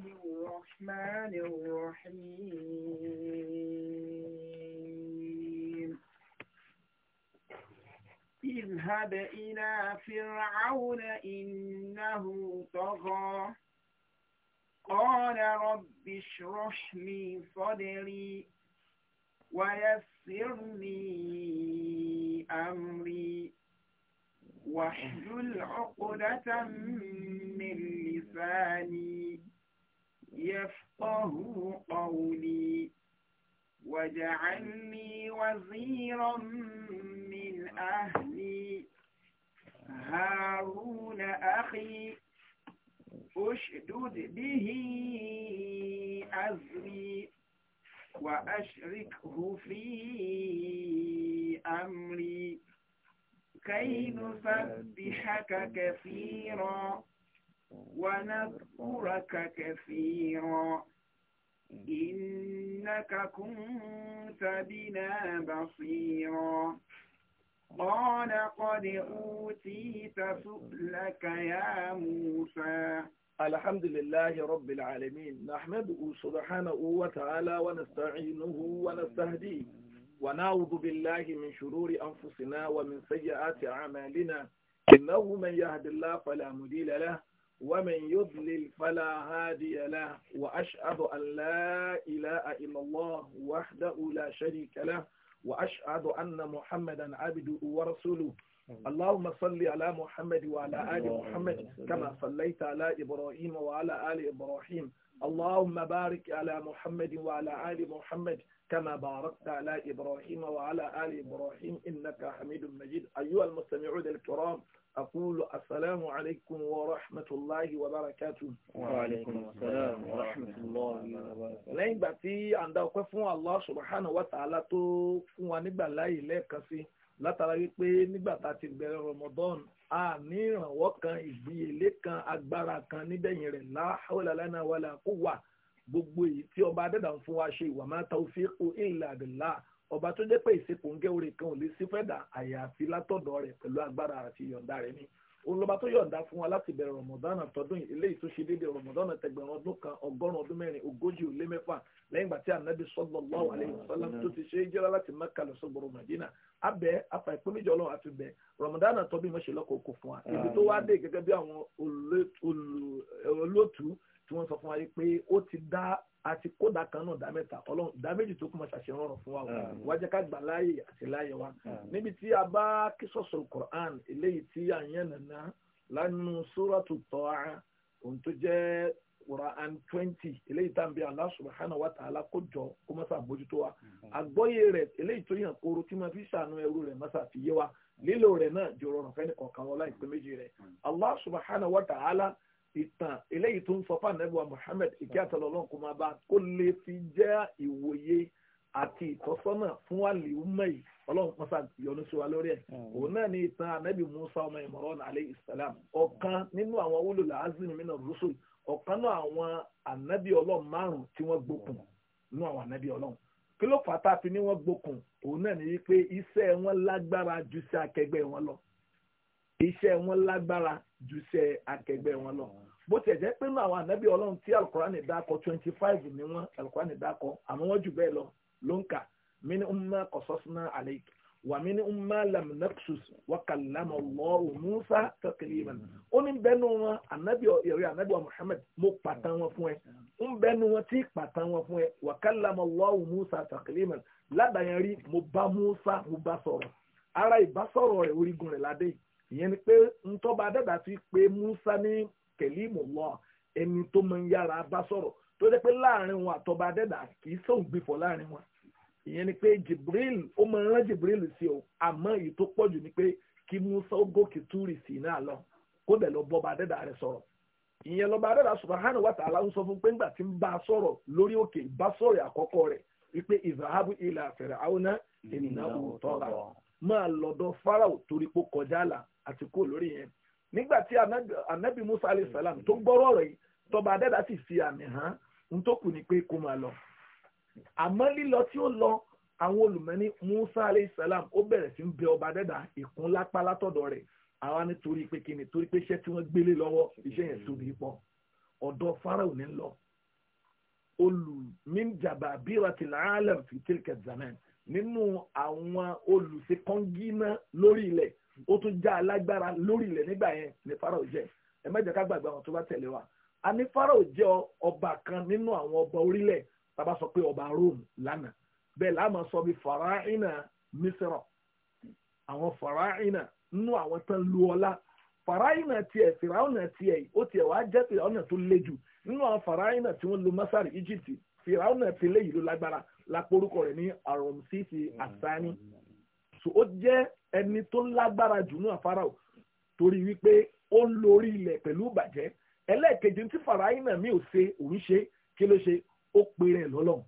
الله الرحمن الرحيم اذهب إلى فرعون إنه طغى قال رب اشرح لي صدري ويسر لي أمري واحلل عقدة من لساني يفقه قولي واجعلني وزيرا من أهلي هارون أخي أشدد به أزري وأشركه في أمري كي نسبحك كثيرا ونذكرك كثيرا إنك كنت بنا بصيرا قال قد أوتيت سؤلك يا موسى الحمد لله رب العالمين نحمده سبحانه وتعالى ونستعينه ونستهديه ونعوذ بالله من شرور أنفسنا ومن سيئات أعمالنا إنه من يهد الله فلا مديل له ومن يضلل فلا هادي له وأشهد أن لا إله إلا الله وحده لا شريك له وأشهد أن محمدا عبده ورسوله اللهم صل على محمد وعلى آل محمد كما صليت على إبراهيم وعلى آل إبراهيم اللهم بارك على محمد وعلى آل محمد كما باركت على إبراهيم وعلى آل إبراهيم إنك حميد مجيد أيها المستمعون الكرام أقول السلام عليكم ورحمة الله وبركاته وعليكم السلام ورحمة الله وبركاته lẹ́yìn ìgbà tí à ń dá ọpẹ́ fún Allah subhanahu wa ta'ala tó fún wa nígbà láyè lẹ́ẹ̀kan sí látara wípé nígbà tá a ti bẹ̀rẹ̀ Ramadan a ní ìrànwọ́ kan ìdíyelé kan agbára kan níbẹ̀yìn rẹ̀ la hawla lana wala quwwa gbogbo èyí tí ọba adẹ́dàá ń fún wa ṣe wa ma tawfiqu illa billah ọba tó jẹ́ pé ìsepòǹgẹ́ orin kan ò lè sí fẹ́dà àyàfi látọ̀dọ̀ rẹ̀ pẹ̀lú agbára àti ìyọ̀ǹda rẹ̀ ni òun lọ́ba tó yọ̀ǹda fún wa láti bẹ̀rẹ̀ rọ̀mọ̀dánà tọdún yìí eléyìí tó ṣe déédéé rọ̀mọ̀dánà tẹgbẹ̀rún ọdún kan ọgọ́rùn ọdún mẹ́rin ogójì ò lé mẹ́fà lẹ́yìn ìgbà tí anabi sallallahu alaihi wasallam tó ti ṣe é jẹ́ra láti Mẹ́kà lọ sọ́gbọ̀rọ̀ Mẹdínà abẹ́ afa ìpínlẹ̀jọ́ ọlọ́run àti bẹ́ rọ̀mọ̀dánà tọdún yìí mọ̀ṣẹ́ lọ́kọ̀ òkú fún wa ibi tó wá dé gẹ́gẹ́ bí àwọn olóòtú tí wọ́n sọ fún wa yìí pé ó ti dá àti kódà kan náà dámẹ́ta ọlọ́run dáméjì tó kù máa ṣàṣẹ rọrùn fún wa wá jẹ́ ká gbà láàyè àti láàyè wa níbi tí a bá kí sọ̀sọ̀ Qur'an eléyìí tí a yẹn nàná lánú sóràtú tọ́ra ohun tó jẹ́ Qur'an twenty eléyìí tá à ń bẹ Allah subhanahu wa ta'ala kó jọ kó má sàbójútó wa àgbọ́yé rẹ̀ eléyìí tó yàn kóró tí máa fi ṣàánú ẹrú rẹ̀ má sàfiyé wa lílo rẹ̀ náà jọrọ̀ rẹ̀ fẹ́ni kọ̀ọ̀kan wọlá Allah subhanahu wa ta'ala ìtàn eléyìí tó ń fọpá nẹ́bùwà Muhammad ìkẹ́ àtàlọ́lọ́ kò máa bá kó lè fi jẹ́ ìwòye àti ìtọ́sọ́nà fún àlìúmọ̀ yìí ọlọ́run pọ́n sáà sí wa lórí ẹ̀ òun náà ní ìtàn anábì Musa ọmọ Imran alayhi salam ọ̀kan nínú àwọn ulul azmi mina rusul ọ̀kan náà àwọn anábì ọlọ́run márùn tí wọ́n gbókun nínú àwọn anábì ọlọ́run kí ló fà tá a fi ní wọ́n gbókun òun náà ní wípé iṣẹ́ wọn lágbára ju sí akẹgbẹ́ wọn lọ iṣẹ́ wọn lágbára ju iṣẹ́ akẹgbẹ́ wọn lọ bó tiẹ̀ jẹ́ pé náà àwọn ànábì ọlọ́run tí alukurani dákọ̀ twenty five ni wọ́n alukurani dákọ̀ àmọ́ wọ́n jù bẹ́ẹ̀ lọ ló ń kà mí ní umma kọ̀sọ́sínà àlẹ́ wà mí ní umma lamnexus wàkàlámà lọ́ọ̀rù musa tẹ́kẹ̀lẹ́mà ó ní bẹ́nu wọn ànábì ọ̀rẹ́ ànábì wa muhammed mo pàtàn wọn fún ẹ ń bẹ́nu wọn tí pàtàn wọn fún ẹ wàkàlámà lọ́ọ̀rù musa tẹ́kẹ̀lẹ́mà ládàáyẹn rí mo bá musa mo bá sọ̀rọ̀ ara ìbásọ̀rọ̀ rẹ̀ orígun rẹ̀ ládé yìí ìyẹn ni pé ntọ́ba fi pé Musa ní kẹlíìmù lọ ẹni tó máa yára bá sọ̀rọ̀ tó jẹ́ pé láàrin wọn àtọ́ba dàda kì í láàrin wọn ìyẹn ni pé Jibril ó máa ń rán Jibril sí o àmọ́ èyí tó pọ̀jù ni pé kí Musa ó gòkè túrì sí lọ kó dẹ̀ lọ bọ́ba sọ̀rọ̀ ìyẹn lọ́ba sọ fún pé ńgbà tí ń bá a sọ̀rọ̀ lórí òkè ìbásọ̀rọ̀ àkọ́kọ́ rẹ̀ wípé ìzàhábù ilà tọ́ra máa lọ́dọ̀ kọjá là àti kó lórí yẹn nígbà tí anabi musa alayhi salam tó gbọ́rọ̀ ọ̀rọ̀ yìí tọba adẹ́dá sì fi àmì hàn ń tó kù ni pé kó máa lọ àmọ́ lílọ tí ó lọ àwọn olùmọ́ni musa alayhi salam ó bẹ̀rẹ̀ sí ń bẹ ọba adẹ́dá ìkún lápá látọ̀dọ̀ rẹ̀ àwa nítorí pé kíni torí pé iṣẹ́ tí wọ́n gbélé lọ́wọ́ iṣẹ́ yẹn tóbi pọ̀ ọ̀dọ̀ farao ní lọ olùmíjàmbá bírati làálẹ̀ fìtílkẹ̀ zaman nínú àwọn olùṣekọ́ngínà lórí ilẹ̀ ó tún já alágbára lórí ilẹ̀ nígbà yẹn ní Fáráò jẹ́ ẹ má jẹ́ ká gbàgbé àwọn tó bá tẹ̀lé wa a ní Fáráò jẹ́ ọba kan nínú àwọn ọba orílẹ̀ tàbá sọ pé ọba Rome lánàá bẹ́ẹ̀ láàmú sọ bí faraina Misra àwọn faraina nínú àwọn tán lu ọlá faraina tiẹ̀ fìràwọ̀nà tiẹ̀ ó tiẹ̀ wá jẹ́ fìràwọ̀nà tó le jù nínú àwọn faraina tí wọ́n lu Masari Egypt fìràwọ̀nà tẹ̀lé yìí ló lágbára lápò orúkọ rẹ̀ ní aromsisi asani so ó jẹ́ ẹni tó lágbára jù náà farao torí wípé ó ń lórí ilẹ̀ pẹ̀lú ìbàjẹ́ ẹlẹ́ẹ̀kejì tí fàráínà mi ò ṣe òun ṣe kí ló ṣe ó pe rẹ̀ lọ́lọ́run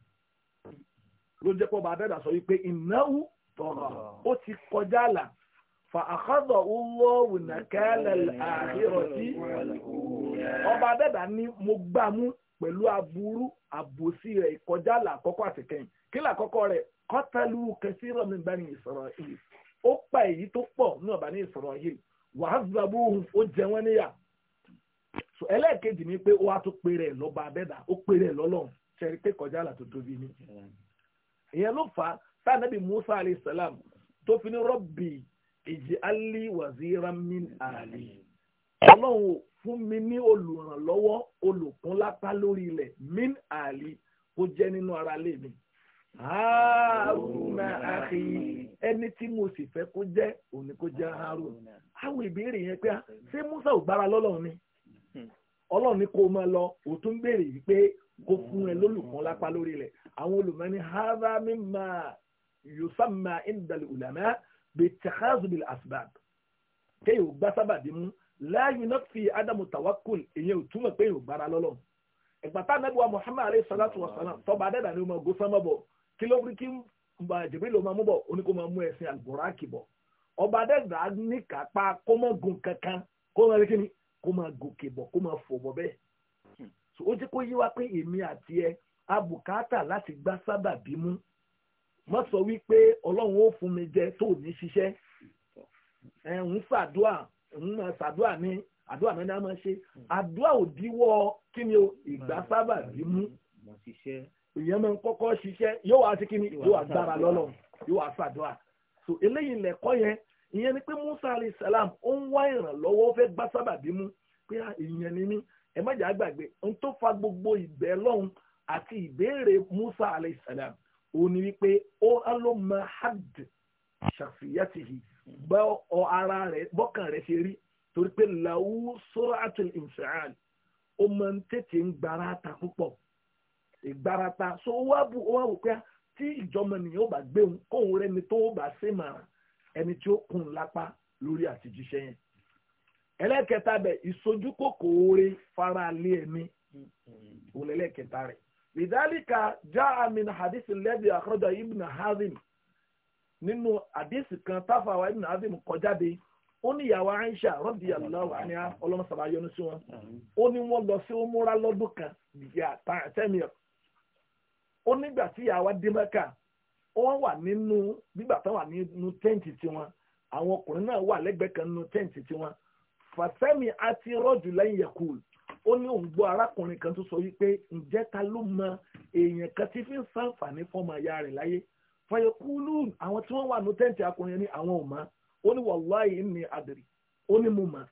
ló jẹ́ pọ̀ bá dẹ́dà sọ wípé ìnáwó tọ̀rọ̀ ó ti kọjá àlà fa àkọ́dọ̀ olówó nàkẹ́lẹ̀ àhírọ̀tì ọba dẹ́dà ni mo gbà mú pẹ̀lú aburú àbòsí rẹ̀ ìkọjá àlà àkọ́kọ́ àtìkẹ́yìn kí làkọ́kọ́ rẹ̀ kọ́tàlú kẹsìrọ̀ ìsọ̀rọ̀ yìí ó pa èyí tó pọ̀ ní ọ̀bà ní ìsọ̀rọ̀ yìí ohun ó jẹ wọ́n níyà ẹlẹ́ẹ̀kejì ni pé ó wá tó péré ẹ̀ lọ́ba abẹ́dà ó péré ẹ̀ lọ́lọ́run ṣẹ́rí pé kọjá tó tóbi ni ìyẹn ló fà á Musa alayhi salam tó fi ní rọ́bì ìjì alí waziran min àlè ọlọ́run fún mi ní olùrànlọ́wọ́ olùkún lápá lórí ilẹ̀ min àlè kó jẹ́ nínú ara Haruna akhi ẹni tí mo sì fẹ́ kó jẹ́ òní kó jẹ́ Haruna. Àwọn ìbéèrè yẹn pé ṣé Musa ò gbára lọ́lọ́run ni? Ọlọ́run ni kó máa lọ, ò tún béèrè yìí pé kó fún ẹ lólùkún lápá lórí rẹ̀. Àwọn olùmọ̀ni Hava mimma yusamma indal ulama bi takhazbil asbab. Kéyìn ò gbá sábàbí mú láàyè náà fi Ádámù tàwákùl ìyẹn ò túmọ̀ pé èèyàn gbára lọ́lọ́run. Ìgbà tá Ànábì wa Muhammad alayhi salatu wa salam tọ́ba adẹ́dà ni ó máa gó sánmọ́ bọ̀ kí ló rí kí jìbìlì máa mú bọ̀ ó ní kó máa mú ẹ̀sìn àlùbọ̀ràkì bọ̀ ọba adẹ́gbà ní kápá kó má gun kankan kó má rí kí ni kó má gòkè bọ̀ kó má fò bọ̀ bẹ́ẹ̀ so ó jẹ́ kó yí wá pé èmi àti ẹ abùkátà láti gbá sábà bímú mọ́ sọ wípé ọlọ́run ó fún mi jẹ tó ní ṣiṣẹ́ ẹ̀ ń ṣàdúà ń ṣàdúà ní àdúrà náà ni a máa ṣe àdúrà òdiwọ́ kí ni o ìgbà sábà bímú ìyẹn máa ń kọ́kọ́ ṣiṣẹ́ yóò wá sí kíni yóò wá gbára lọ́lọ́ yóò wá ṣàdúrà so eléyìí lẹ̀kọ́ yẹn ìyẹn ni pé musa alayhi salam ó ń wá ìrànlọ́wọ́ fẹ́ gbá sábàbí mú pé ah, ìyẹn ni mí ẹ má jà gbàgbé ohun tó fa gbogbo ìbẹ̀ lọ́hùn àti ìbéèrè musa alayhi salam ó ní wípé ó ló mọ had ṣàfìyàtìhì bọ́ ọ ara rẹ̀ bọ́kàn rẹ̀ ṣe rí torí pé làwù suratul infial ó máa ń tètè ń gbára ta púpọ̀ ìgbárata so ó wá bù ó wá wò pé tí ìjọba ènìyàn ó bá gbéhùn kóhùn rẹ ni tó ó bá ṣe mà ẹni tí ó kùn lápá lórí àtijíṣẹ́ yẹn ẹlẹ́kẹta bẹ̀ ìsojúkòkò oore lé ẹ̀mí òun lẹ́lẹ́kẹta rẹ̀ lidhalika jaa min hadisi lẹ́bi akhraja ibn hazim nínú hadisi kan táfàwá ibn hazim kọjáde ó ní ìyàwó aisha radiyallahu anha ọlọ́mọsàbáyọ́nù sí wọn ó ní wọ́n lọ sí umura lọ́dún kan ìyá tẹ́mìíràn ó nígbà tí ìyá wa dé mẹ́kà wọ́n wà nínú nígbà tán wà nínú tẹ́ǹtì tiwọn àwọn ọkùnrin náà wà lẹ́gbẹ̀ẹ́ kan nínú tẹ́ǹtì tiwọn fàsẹ́mi àti rọ́ọ̀jù lẹ́yìn yẹ̀kùl ó ní òun gbọ́ arákùnrin kan tó sọ wípé ǹjẹ́ ta ló mọ èèyàn kan tí fi ń sàǹfààní fọmọ ìyá rẹ̀ láyé fàyẹ̀kùlù àwọn tí wọ́n wà nínú tẹ́ǹtì akùnrin ni àwọn ò mọ̀ ó ní wàláyé ní adìrì ó ní mo mọ̀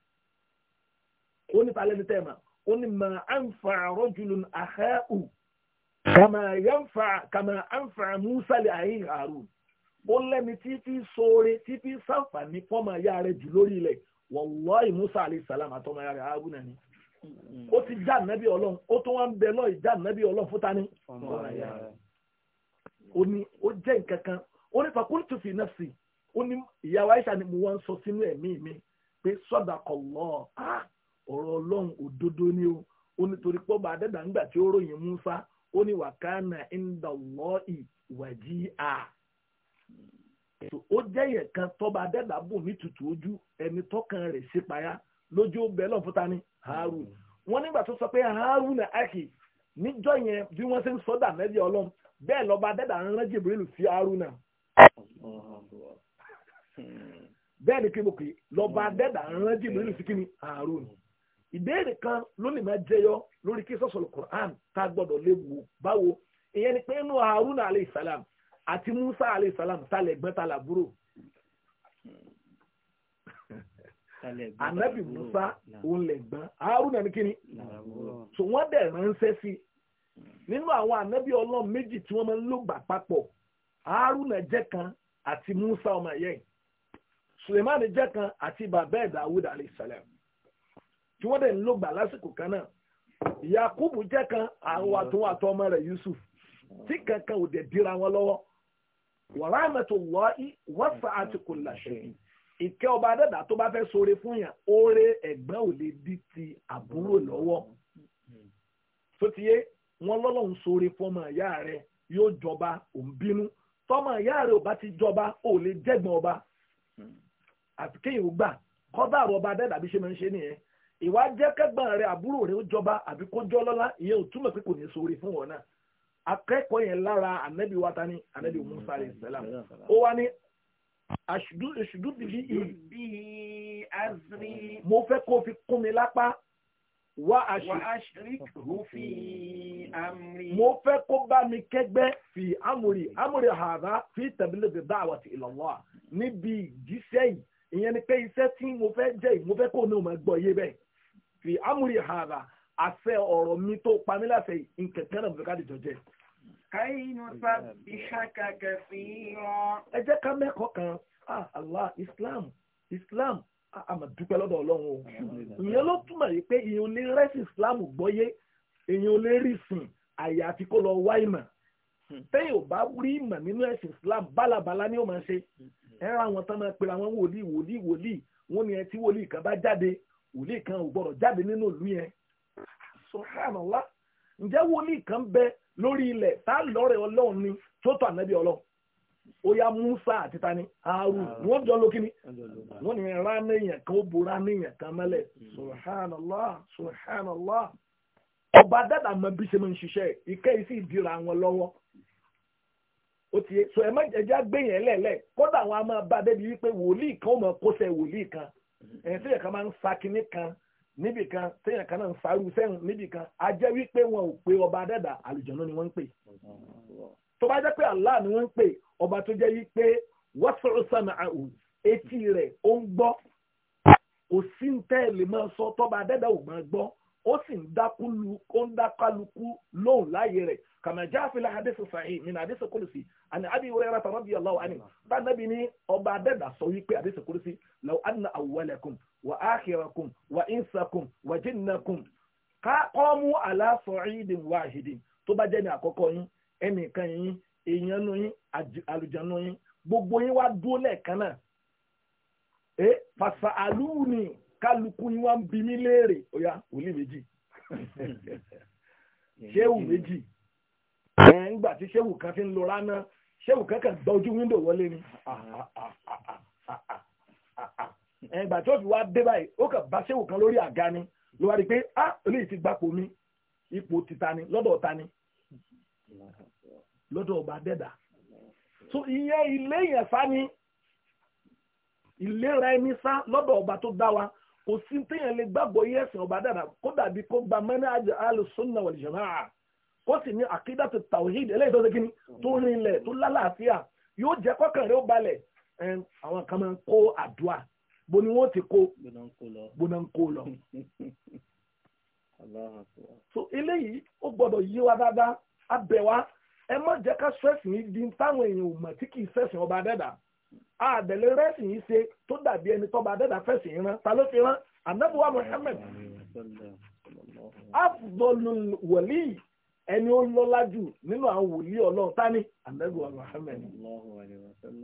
ó ní palẹ́ ní tẹ́ẹ̀mà ó ní mà á ń àhẹ́ù kàmà yanfa kàmà anfa musa lè àyè harun ó lẹ́ni tí fi sóore tí fi sàǹfààní ya rẹ̀ jù lórí musa alayhi salam àtọ́mọ ya rẹ̀ harun nani ti já nàbí ọlọ́run o tún wá ń bẹ lọ́ọ̀ já nàbí ọlọ́run fúta ní. o ní o jẹ́ nǹkan kan o ni mo wá ń sọ sínú mi pé ah, òdodo ni ó ó nítorí pé ọba adẹ́dàá ńgbà tí ó ròyìn musa ó ní wàkánà ìndàlọ́ì wàjí à ó jẹ́ yẹn kan tọ́ba adẹ́dà bò ní tutù ojú ẹni tọ́kan rẹ̀ payá lójú bẹ́ẹ̀ fọta ní wọ́n nígbà tó sọ pé na aki níjọ́ yẹn bí wọ́n ṣe ń sọ́dà bẹ́ẹ̀ lọ́ba sí bẹ́ẹ̀ ni kí kì í lọ́ba sí kí ìbéèrè kan lónìí máa jẹyọ lórí kí sọ́sọ̀lù Qur'an tá a gbọ́dọ̀ lè wò báwo ìyẹn ni pé inú Haruna alayhi salam àti Musa alayhi salam tá lẹ̀gbọ́n tá làbúrò anabi Musa òun lẹ̀gbọ́n Haruna ni kíni so wọ́n dẹ̀ ránṣẹ́ sí nínú àwọn anabi ọlọ́run méjì tí wọ́n máa ń lò gbà papọ̀ Haruna jẹ́ kan àti Musa ọmọ ẹ̀yẹ́ Sulemani jẹ́ kan àti bàbá Dawud alayhi salam tí wọ́n dẹ̀ ń lògbà lásìkò kan náà Yakubu jẹ́ kan àwọn àtúnwò àtọmọ rẹ̀ Yusuf tí kankan ò dẹ̀ dira wọn lọ́wọ́ wa rahmatullahi wasi'at kulla shay' ìkẹ́ ọba dẹ́dà tó bá fẹ́ sóore fún yàn oore ẹ̀gbọ́n ò lè di ti àbúrò lọ́wọ́ tó ti yé wọn lọ́lọ́run sóore fọmọ ìyá rẹ yóò jọba ò bínú tọmọ ìyá rẹ ò bá ti jọba ò lè jẹ́gbọ́n ọba àti kéèyàn gbà kọ́dà ọba dẹ́dà bí ṣe máa ń ṣe nìyẹn ìwà jẹ́ kẹ́gbọ́n rẹ àbúrò rẹ ó jọba àbí kó jọ lọ́lá ìyẹn ò túmọ̀ pé kò ní sóore fún wọn náà akẹ́kọ̀ọ́ yẹn lára ànábì wa ta ni ànábì Musa mm-hmm. alayhi salam ó wá ní aṣùdú bìbí yìí mo fẹ́ kó fi kún mi lápá wá aṣíríkù fi amri mo fẹ́ kó bá mi kẹ́gbẹ́ fi amúri amúri hàdá fi tabligh da'wati ila Allah níbi ìjíṣẹ́ yìí ìyẹn ni pé iṣẹ́ tí mo fẹ́ jẹ́ yìí mo fẹ́ kó ní o máa gbọ́ yé bẹ́ẹ̀ fi amúri hàrà àṣẹ ọ̀rọ̀ mi tó pa mí láṣẹ náà bùkátà jọ jẹ. káyínú sábì ṣàkàkẹ́ fi hàn. ẹ jẹ́ ká mẹ́kọ̀ọ́ kan ah allah islam islam àmà ah, dúpẹ́ lọ́dọ̀ ọlọ́run o ìyẹn ló túmọ̀ yìí pé èèyàn lè rẹ́sì islam gbọ́yé èèyàn lè rí sìn àyà kó lọ wá ìmọ̀ tẹ́yìn ò bá rí ìmọ̀ nínú ẹ̀sìn islam bálabàla ni ó máa ṣe ẹ ra àwọn tán máa pera wọn wòlíì wòlíì wòlíì wọn ni ẹ tí wòlíì kan bá jáde wòlíì kan ò gbọ́dọ̀ jáde nínú ìlú yẹn subhanallah ǹjẹ́ wòlíì kan bẹ lórí ilẹ̀ tá a lọ́rẹ̀ ọlọ́run ni tó tó ànábì ọlọ́run ó yá musa àti tani harun ah. ni jọ jọ lókínní wọ́n ní ra níyàn kan ó bo ránà èèyàn kan mẹlẹ hmm. subhanallah subhanallah ọba dada mọ bí ṣe máa ń ṣiṣẹ́ ìkẹ́ yìí sì dira wọn lọ́wọ́ ó ti so ẹ má jẹ́ jágbé yẹn lẹ́lẹ̀ kódà àwọn a máa bá débi wípé wòlíì kan ó máa kóṣẹ́ wòlíì kan Mhm. ẹ̀yìn tẹ́yìn kan máa ń sa kinní kan níbì kan náà a wípé wọn ò pe ọba adẹ́dà àlùjọ̀nú ni wọ́n ń pè tó bá jẹ́ pé ni wọ́n ń pè ọba tó jẹ́ wípé wọ́sọ̀rọ̀ sàmà àhùn etí rẹ̀ ó ń gbọ́ kò sí ń tẹ́ lè máa sọ tọ́ba ò máa ó sì ń dákúlu ó ń dákàlùkù lóhùn láàyè rẹ̀ kàmájá àfilà hadith sahih min hadith kudusi àni abi bá nàbí ní ọba adẹ́dà sọ wípé hadith kudusi wa akhirakum wa insakum wa jinnakum qamu ala sa'idin wahidin tó bá jẹ́ ní àkọ́kọ́ yín ẹnìkan yín èèyàn nu yín àlùjánu gbogbo yín wá dúró lẹ́ẹ̀kan náà ẹ fàṣà kálukú yín wá ń bi mí léèrè ọ̀yá wòlíì méjì ṣéwù méjì nígbà tí ṣéwù kan ti ń lo rana ṣéwù kankan gba ojú wíńdò wọlé ni ìgbà tí ó fi wá dé báyìí ó kàn bá ṣéwù kan lórí àga ni ló wá rí i pé á eléyìí ti gbapò mi ipò títa ni lọ́dọ̀ ta ni lọ́dọ̀ ọba dẹ́dà so ìyẹn ilé yẹn sá ni ìlera ẹni sá lọ́dọ̀ ọba tó dá wa kò sí téèyàn lè gbàgbọ́ yé ẹ̀sìn ọba dàda kó dàbí kó gba mẹ́nájà alùsùnà wal jamaa kó sì ní àkídà tó tàwíìd eléyìí tó ṣe kíni tó rinlẹ̀ tó lálàáfíà yóò jẹ́ kọ́kàn rẹ̀ ó balẹ̀ àwọn kan máa ń kó àdúrà bó ni wọ́n ti kó gbóná ń kó lọ. so eléyìí ó gbọ́dọ̀ yí wa dáadáa abẹ ẹ má jẹ́ ká sẹ́sìn ní di táwọn èèyàn ò mọ̀ tí kì í sẹ́sìn ọba dàda àdẹ̀lẹ̀ rẹ́sì yìí ṣe tó dàbí ẹni tọ́ba adẹ́dà fẹ̀sì yìí rán ta ló fi rán anabuwa Muhammad afdolul wali ẹni ó lọ́lá jù nínú àwọn wòlíì ọlọ́run tani anabuwa Muhammad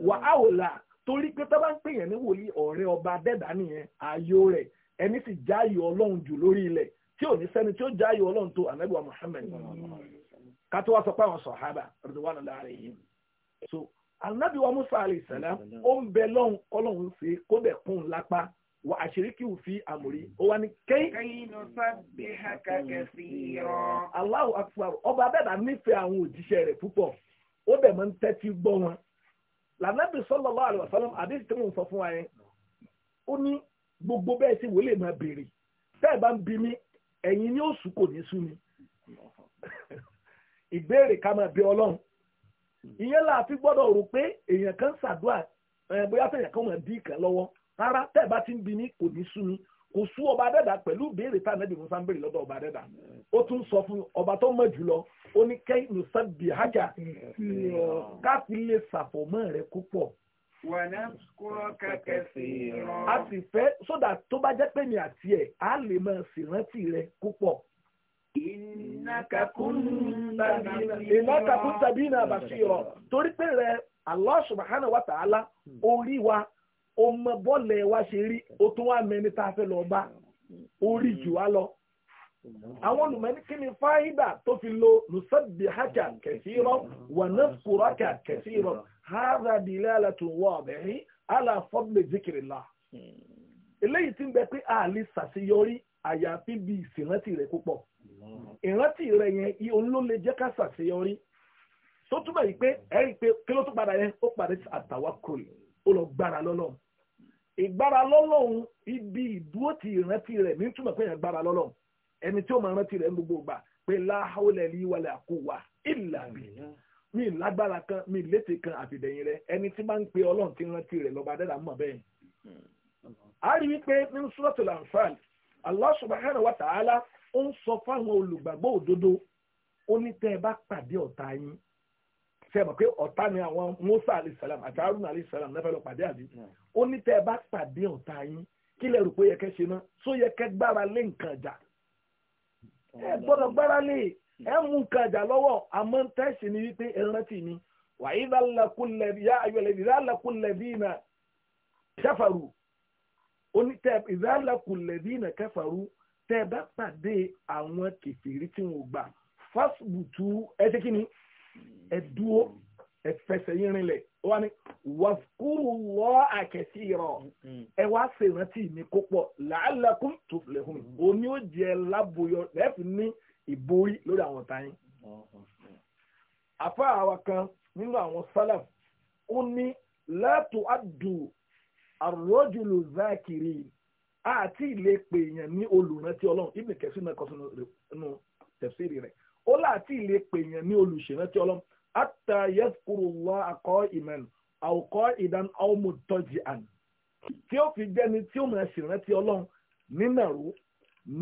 wà á wò là torí pé tọ́ba ń pè yẹn ní wòlíì ọ̀rẹ́ ọba adẹ́dà nìyẹn ayọ̀ rẹ̀ ẹni sì jáyọ̀ ọlọ́run jù lórí ilẹ̀ tí ò ní sẹ́ni tí ó jáyọ̀ ọlọ́run tó anabuwa Muhammad kátó wá sọ pé àwọn sọ̀hábà anabi wa musa alayhi salam ó ń bẹ lọ́hùn kọ́lọ́hùn ṣe kó dẹ̀ kún un lápá wà àṣírí kí òun fi àmórí ó wá ní kẹ́yìn. kẹ́yìn ló sábẹ́ hakakẹ́ sí i rọ. Allahu akbar ọba abẹ́dà nífẹ̀ẹ́ àwọn òjíṣẹ́ rẹ̀ púpọ̀ ó dẹ̀ máa ń tẹ́tí gbọ́ wọn. lànàbì sallallahu alaihi wasallam àdéhùn tí mò ń sọ fún wa yẹn ó ní gbogbo bẹ́ẹ̀ sì wọlé máa béèrè tẹ́ ẹ̀ bi mí ẹ̀yin ni ó sùn kò ní sú mi. ìbéèrè ká máa bẹ ìyẹn là á fi gbọ́dọ̀ rò pé èèyàn kan ṣàdúrà bóyá fẹ̀yàn kan wọ̀n bí kan lọ́wọ́ rárá tẹ́ ẹ bá ti ń bi ní kò ní sú kò sú ọba adẹ́dà pẹ̀lú béèrè tá ànábì Musa ń béèrè lọ́dọ̀ ọba adẹ́dà ó tún sọ fún ọba tó mọ̀ jùlọ ó ní kẹ́ musa bi hájà ká fi lè ṣàfọ̀mọ́ rẹ̀ púpọ̀. wàlá kọ́ kẹ́kẹ́ sí i rán. a sì fẹ́ sódà tó bá jẹ́ pé mi àti ẹ̀ á lè máa ṣèrántí rẹ̀ púpọ̀ ìnáka kún tàbí iná àbàṣírọ̀ torí pé rẹ Allah subhanahu wa ta'ala orí wa ọmọ bọ́ọ̀lù wa ṣe rí o tún wá mẹ́ni tá a fẹ́ lọ bá orí jù wá lọ. àwọn olùmọ̀ẹ́ni kí ni fáyidà tó fi lo nusabbihaka kathira wa nadhkuraka kathira hadha dilalatun wadihah ala fadli zikrillah eléyìí ti ń bẹ pé a ṣàṣeyọrí àyàfi bíi ìsìnrántì rẹ̀ púpọ̀. ìrántí rẹ̀ yẹn òun jẹ́ ká ṣàṣeyọrí tó túbọ̀ yìí pé ẹ̀rí pé kí ló tó padà yẹn ó ó lọ ibi ìdúró ti ìrántí rẹ̀ ní túmọ̀ pé yẹn gbára lọ́lọ́run ẹni tí ó máa rántí rẹ̀ gbogbo ìgbà pé láhàólẹ̀ ìlà mi kan mi kan ẹni tí máa ń pe ọlọ́run ti rántí lọ́ba mọ̀ bẹ́ẹ̀. Hmm. a rí wípé nínú ó ń sọ fáwọn olùgbàgbọ́ òdodo ó ní tẹ́ ẹ bá pàdé ọ̀tá yín ṣe mọ̀ pé ọ̀tá ni àwọn Musa alayisalaam àti Haruna alayisalaam lẹ́fẹ̀ẹ́ lọ pàdé àbí hmm. ó ní tẹ́ ẹ bá pàdé ọ̀tá yín kí lẹ rò pé yẹ kẹ́ ṣe ná só yẹ kẹ́ gbára lé nǹkan ìjà ẹ gbọ́dọ̀ gbára lé ẹ mú nǹkan ìjà lọ́wọ́ àmọ́ tẹ́sí ni wípé ẹ rántí mi wà ìdá lakúnlẹ̀bí náà kẹfàrú ìdá lakúnlẹ̀bí náà kẹfàrú tẹ́ ẹ bá pàdé àwọn kèfèrí tí wọn ò gbà fásitì ẹ ṣe kí ni ẹ dúró ẹ fẹsẹ̀ yín rinlẹ̀ ó wá ní wàkúrú wọ́ àkẹ́sí rọ̀ ẹ wá ṣèrántí mi kó pọ̀ làálàkùn tó lè hùn òní ó jẹ lábòyọ lẹ́ẹ̀fì ní ìborí lórí àwọn táyín. àfa àwa kan nínú àwọn sálàf ó ní látò àdùn àròjùlù zákìrì àti ilé pè èèyàn ní olùrántí ọlọ́run ibn kẹsí náà kọsínú nù tẹ̀síìrì rẹ̀ ó láti ilé pè èèyàn ní olùṣèrántí ọlọ́run àtà yẹ́sùkúrúwá àkọ́ ìmọ̀n àwòkọ́ ìdáná ọmọ tọ́jì àn tí ó fi jẹ́ni tí ó máa ṣèrántí ọlọ́run nínàró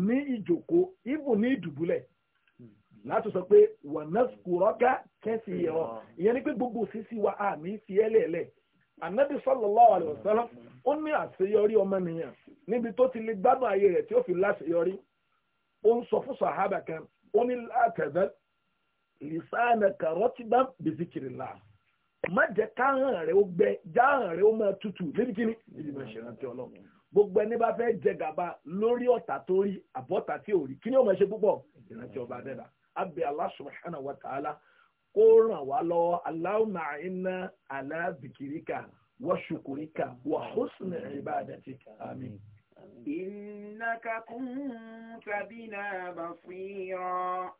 ní ìjòkó ibù ní ìdùbúlẹ̀ láti sọ pé wọ̀nà kùrọ́kà kẹ́sì ẹ̀rọ ìyẹn ni pé gbogbo sísí wa àmì fi ẹ́lẹ̀ẹ́lẹ̀ anabi sallallahu alayhi wa sallam ó ní àṣeyọrí ọmọnìyàn níbi tó ti lè gbádùn ayé rẹ̀ tí ó fi láṣeyọrí ó ń sọ fún sàhábà kan ó ní látẹ̀bẹ́ lìsáànà kàrọ́tìbá bìsíkìrìlá má jẹ́ káhàn rẹ̀ ó gbẹ jáhàn rẹ̀ ó máa tutù níbi kíní níbi máa ṣe rántí ọlọ́run gbogbo ẹni bá fẹ́ jẹ gàba lórí ọ̀tà tó rí àbọ̀tà tí ò rí kíní ó máa ṣe púpọ̀ ìrántí ọba adẹ́dà abẹ́ Allah subhanahu kó ràn wá lọ́wọ́ aláwùmá iná alábìkìríkà wọ́ṣùkùríkà wà húsùnì إنك كنت بنا بصيرا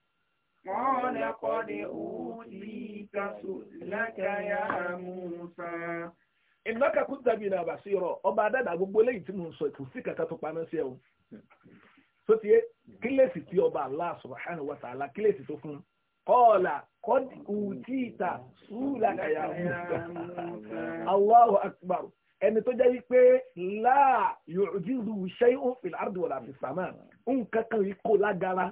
قال قد أوتيت سؤلك يا موسى ìnáka kú dàbí ní àbàṣe rọ ọba adáda gbogbo eléyìí tí mo ń sọ kò sí kàkà tó paná sí ẹ o tó ti yé kílẹ̀sì ọba kọ́ọ̀là kọ́dì ùtíìta súùlà kàyà Allahu akbar ẹni tó jẹ́ wípé láà yu'jizu shay'un fil ardi wala fis samaa nǹkan kan yìí kó lágara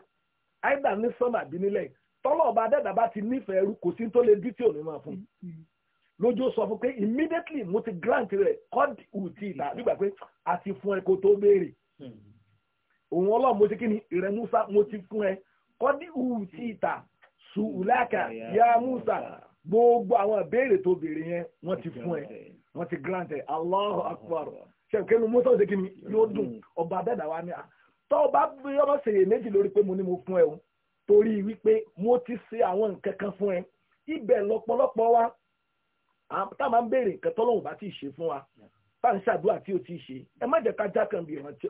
àìdá ní sọ́mà bí nílẹ̀ tọ́lọ̀ ọba adẹ́dàbá ti nífẹ̀ẹ́ ẹrú kò sí tó lè dí tí ò ní máa fún lójú sọ fún pé immediately mo ti grant rẹ kọ́d ùtí ìlà nígbà pé a ti fún ẹ kó tó béèrè òun ọlọ́run mo ti kí ni ìrẹ́ mo ti fún ẹ kọ́d ùtí sùúlákà yá Musa gbogbo àwọn ìbéèrè tó béèrè yẹn wọ́n ti fún ẹ wọ́n ti grant ẹ Allahu Akbar ṣèkínú Musa ó ṣe kí ni mm. yóò dùn ọba dẹ́dà wa ni tọ́ ọba bí ọba ṣèyẹ méjì lórí pé mo ní mo fún ẹ o torí wípé mo ti ṣe àwọn nǹkan kan fún ẹ ibẹ̀ lọ́pọ̀lọpọ̀ wa tá a máa ń béèrè nǹkan tọ́lọ́hùn bá ti ṣe fún wa bá ń ṣàdúrà tí o ti ṣe ẹ má jẹ́ ká jákàn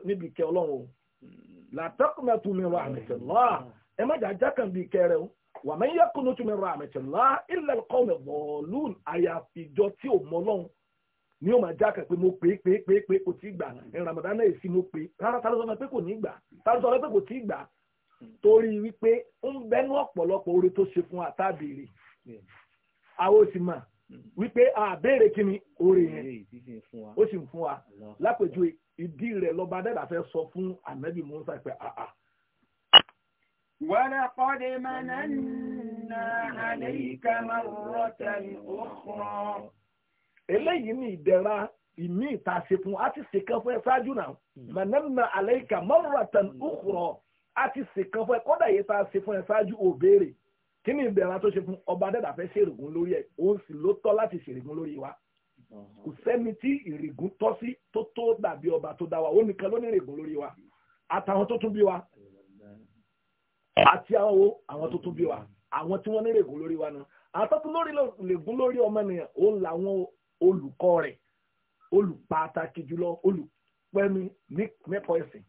níbi ìkẹ́ ọlọ́run o làtọ́kùnrin àtúnmí wa àmì wa man yakunutu min rahmatillah illa al-qawmi ad-dallun àyàfi ìjọ tí ò mọ Ọlọ́run ni ó máa jákè pé mo pé pé pé pé kò tí gbà ní Ramadan náà èsì mo pé rárá tá ló sọ pé kò ní gbà tá ló sọ pé kò tí gbà torí wípé ń bẹnu ọ̀pọ̀lọpọ̀ oore tó ṣe fún àtàbèrè àwọn òsì mà wípé àbèrè kí ni oore yẹn ó sì ń fún wa lápèjúwe ìdí rẹ̀ lọ́ba dẹ́dà fẹ́ sọ fún ànábì Mùsá pé àà ولقد مننا عليك مرة أخرى eléyìí ni ìdẹ̀ra ìmí ìtàsíkun a ti ṣèkan fún ẹ ṣáájú náà mọ̀nàmínà àlẹ́kà mọ́rùrọ̀tàn òkùrọ̀ a ti ṣèkan fún ẹ kọ́dà yìí tá a ṣe fún ẹ ṣáájú òbéèrè kí ni ìdẹ̀ra tó ṣe fún ọba dẹ́dà fẹ́ ṣèrìgún lórí ẹ̀ òun sì ló tọ́ láti ṣèrìgún lórí wa kò sẹ́ni tí ìrìgún tọ́ sí tó tó dàbí ọba tó dá wa ó nìkan ló ní ìrìgún lórí wa àtàwọn tó tún bí wa àti àwọn àwọn tó tún bí wa àwọn tí wọ́n ní règùn lórí wa náà àtọ́kùn lórí règùn lórí ọmọnìyàn ó làwọn olùkọ́ rẹ̀ olùpàtàkì jùlọ olùpẹ́mi mẹ́kọ̀ọ́ ẹ̀sìn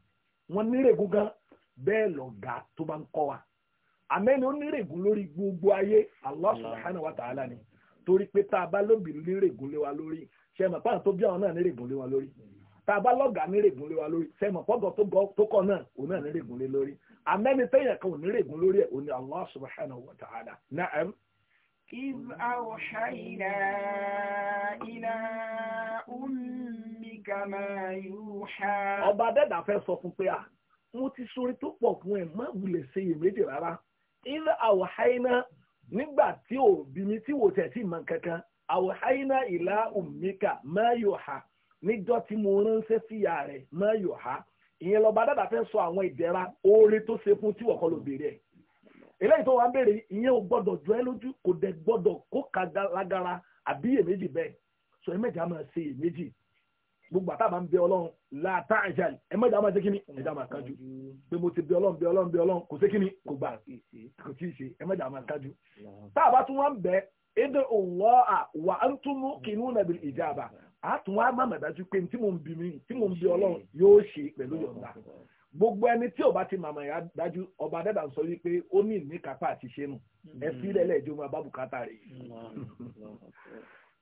wọ́n ní règùn gan bẹ́ẹ̀ lọ̀gá tó bá ń kọ́ wa àmẹ́ni ó ní règùn lórí gbogbo ayé Allah subhanahu wa ta'ala ni torí pé tá a bá lóbìnrin ní règùn lé wa lórí ṣe mọ̀ pàrọ̀ tó bí àwọn náà ní règùn lé wa lórí tá a bá lọ́gàá ní règùn lé wa lórí ṣe mọ̀ tó kọ́ náà òun náà ní règùn lé lórí àmẹ́ni tẹ́yìn kan ò ní règùn lórí ẹ̀ ò ní Allah subhanahu wa ta'ala na'am. إذ أوحينا إلى أمك ما يوحى ọba dẹ́dà fẹ́ sọ fún pé à mo ti sori tó pọ̀ fún ẹ̀ má wulẹ̀ ṣe iyèméjì rárá إذ أوحينا nígbà tí ò bí mi tí wò tẹ̀ tí mọ̀ kankan àwòháyínà ìlà ummika ma yuha níjọ́ tí mo ránṣẹ́ síyà rẹ̀ ma yuha ìyẹn lọ́ba dàda fẹ́ sọ àwọn ìdẹ̀ra oore tó ṣe fún tíwọ̀ kọ́ ló béèrè ẹ̀ eléyìí tó wà ń béèrè ìyẹn ò gbọ́dọ̀ jọ ẹ́ lójú kò dẹ̀ gbọ́dọ̀ kó ka lágara àbí èméjì bẹ́ẹ̀ sọ ẹ̀mẹ́jà máa ṣe èméjì gbogbo àtàbà ń bẹ ọlọ́run láàtà àjà ẹ̀mẹ́jà máa ṣe kíni ẹ̀mẹ́jà máa kájú pé mo ti bẹ ọlọ́run bẹ ọlọ́run bẹ ọlọ́run kò ṣe kíni kò gbà kò tí ì ṣe ẹ̀mẹ́jà máa kájú tá tún wá bẹ ẹ̀dẹ̀ òwò à wà á tún mú kìnnú nàbìlì ìjà àbà àtúnwá mọ̀mọ́ dájú pé tí mò ń bí mi tí mò ń bí ọlọ́run yóò ṣe pẹ̀lú yọ̀ǹda gbogbo ẹni tí ò bá ti mọ̀mọ́ yá dájú ọba dẹ́dà ń sọ wípé ó ní ìníkápá àti ṣe nù mm-hmm. ẹ fi lẹ́lẹ̀ ìjọba bá bùkátà rẹ̀ mm-hmm.